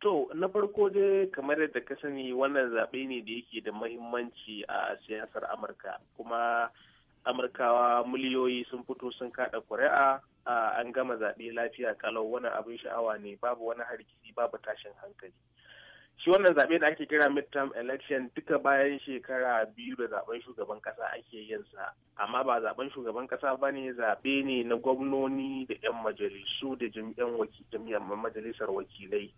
To, na farko dai kamar yadda ka sani wannan zaɓe ne da yake da mahimmanci a siyasar Amurka, kuma Amurkawa miliyoyi sun fito sun kaɗa ƙuri'a an gama zaɓe lafiya kalau wani abin sha'awa ne babu wani hargitsi babu tashin hankali. Shi wannan zaɓe da ake kira midterm election duka bayan shekara biyu da zaɓen shugaban kasa ake yin sa, amma ba zaɓen shugaban ƙasa ba ne zaɓe ne na gwamnoni da 'yan majalisu da jami'an majalisar wakilai.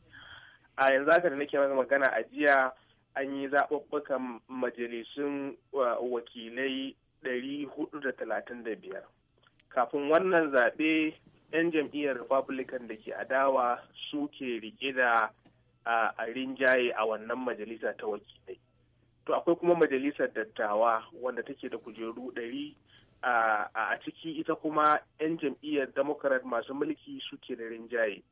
a yanzu haka da nake masa magana a jiya an yi zaɓuɓɓukan majalisun wakilai 435 kafin wannan zaɓe 'yan jam'iyyar republican da ke adawa su ke rike da a rinjaye a wannan majalisa ta wakilai to akwai kuma majalisar dattawa wanda take da kujeru ɗari a ciki ita kuma 'yan jam'iyyar democrat masu mulki suke da rinjaye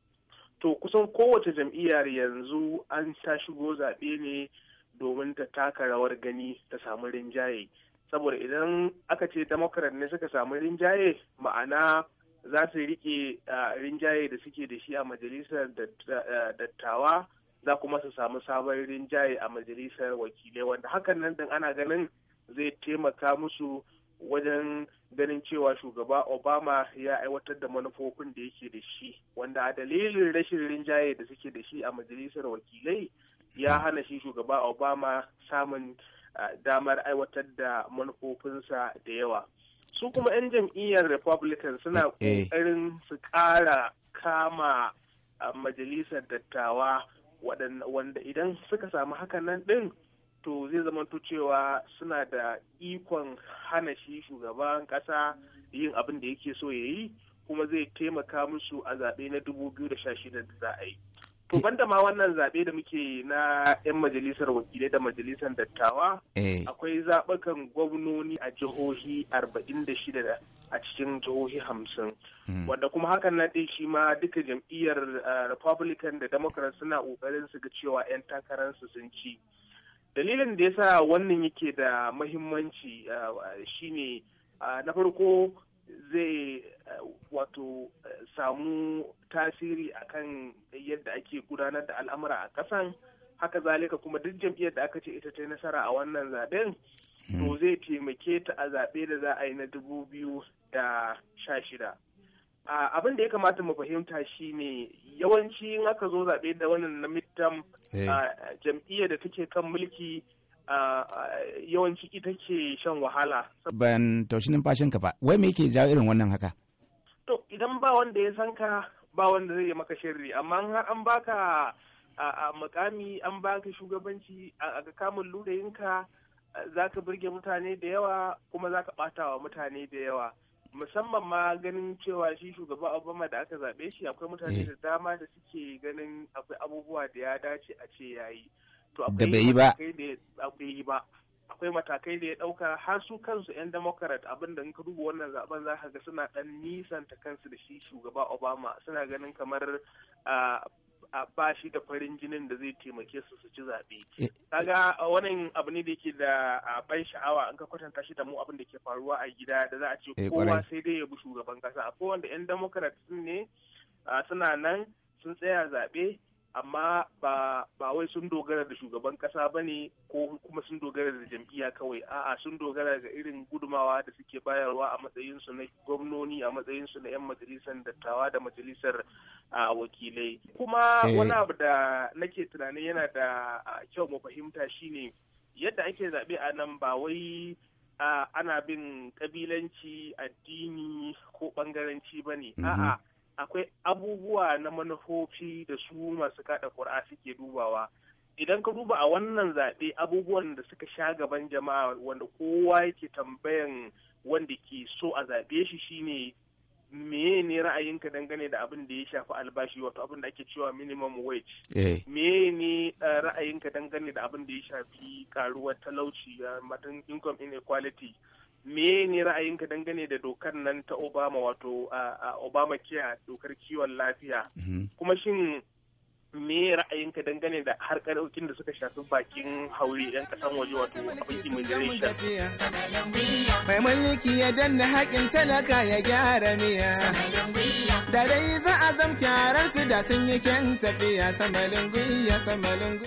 to kusan kowace jam'iyyar yanzu an ta shigo zaɓe ne domin ta taka rawar gani ta samu rinjaye saboda idan aka ce democrat ne suka samu rinjaye ma'ana za su rike rinjaye da suke da shi a majalisar dattawa za kuma su samu sabon rinjaye a majalisar wakilai wanda hakan nan ana ganin zai taimaka musu wajen ganin cewa shugaba obama ya aiwatar da manufofin da yake da shi wanda a dalilin rashin rinjaye da suke da shi a majalisar wakilai ya hmm. hana shi shugaba obama samun ah, damar aiwatar da manufofinsa da yawa su kuma 'yan jam'iyyar republican suna ƙoƙarin eh. su ƙara kama ah, majalisar dattawa wanda idan suka samu nan din. to zai zamanto cewa suna da ikon hana shi shugaban kasa yin abin da yake so ya yi kuma zai taimaka musu a zaɓe na 2016 da za a yi. To eh. banda ma wannan zaɓe da muke na 'yan majalisar wakilai da majalisar dattawa eh. akwai zaɓukan gwamnoni a jihohi 46 a cikin jihohi hamsin. Hmm. Wanda kuma hakan na ɗin shi ma duka jam'iyyar eh, Republican da Democrat suna ƙoƙarin su ga cewa 'yan takararsu sun ci. dalilin da yasa wannan yake da mahimmanci uh, shine uh, na farko zai uh, wato samu tasiri akan yadda ake gudanar da al'amura a kasan haka zalika kuma duk jam'iyyar da aka ce ita ta nasara a wannan zaben to hmm. zai taimake ta a zaɓe da za a yi na dubu biyu da sha shida abin da ya kamata mu fahimta shi ne yawanci in aka zo zaɓe da wannan na midterm eh. jam'iyyar da take kan mulki yawanci ita ke shan wahala. Ban taushi numfashin ka ba, wai me yake jawo irin wannan haka? To idan ba wanda ya san ka ba wanda zai yi maka shirri, amma har an baka a mukami an baka shugabanci a kamun lura yinka za ka burge mutane da yawa kuma za ka ɓata wa mutane da yawa. musamman ma ganin cewa shi shugaba obama da aka zaɓe shi akwai mutane eh. da dama da suke ganin akwai abubuwa da ya dace a ce ya yi to akwai ba akwai matakai da ya ɗauka har su kansu 'yan democrat abinda da ka duba wannan zaben za ka ga suna ɗan nisanta kansu da shi shugaba obama suna ganin kamar a ba da farin jinin da zai taimake su su ci zaɓe. Eh. Kaga wannan abu ne da yake da ban sha'awa an ka kwatanta shi da mu abin da ke faruwa a gida da za a ce eh, kowa sai dai ya bi shugaban kasa. A wanda 'yan Democrat ne suna nan sun tsaya zaɓe amma ba ba wai sun dogara da shugaban kasa ba ne ko kuma sun dogara da jam'iyya kawai a'a sun dogara ga irin gudumawa da suke bayarwa a matsayinsu na gwamnoni a matsayinsu na 'yan majalisar dattawa da majalisar wakilai kuma eh. wani abu da nake tunanin yana da kyau mu fahimta shine yadda ake zaɓe a nan ba wai ana bin ƙabilanci addini ko ɓangaranci ba ne a'a akwai abubuwa na manufofi da su masu kada ƙura suke dubawa idan ka duba a wannan zaɓe abubuwan da suka sha gaban jama'a wanda kowa yake tambayan wanda ke so a zaɓe shi shine meye ne ra'ayinka dangane da abin da ya shafi albashi wato abin da ake cewa minimum wage eh. meye ne eh, ra'ayinka dangane da abin da ya shafi karuwar talauci eh, matan income inequality me ne ra'ayinka dangane da dokar nan ta obama wato obama kiya dokar kiwon lafiya mhm. kuma shin me ra'ayinka dangane da har harkarokin da suka shafi bakin hauri yan kasan waje wato abin mai ya danna haƙin talaka ya gyara miya da dai da sun yi kyan tafiya samalin gwiya samalin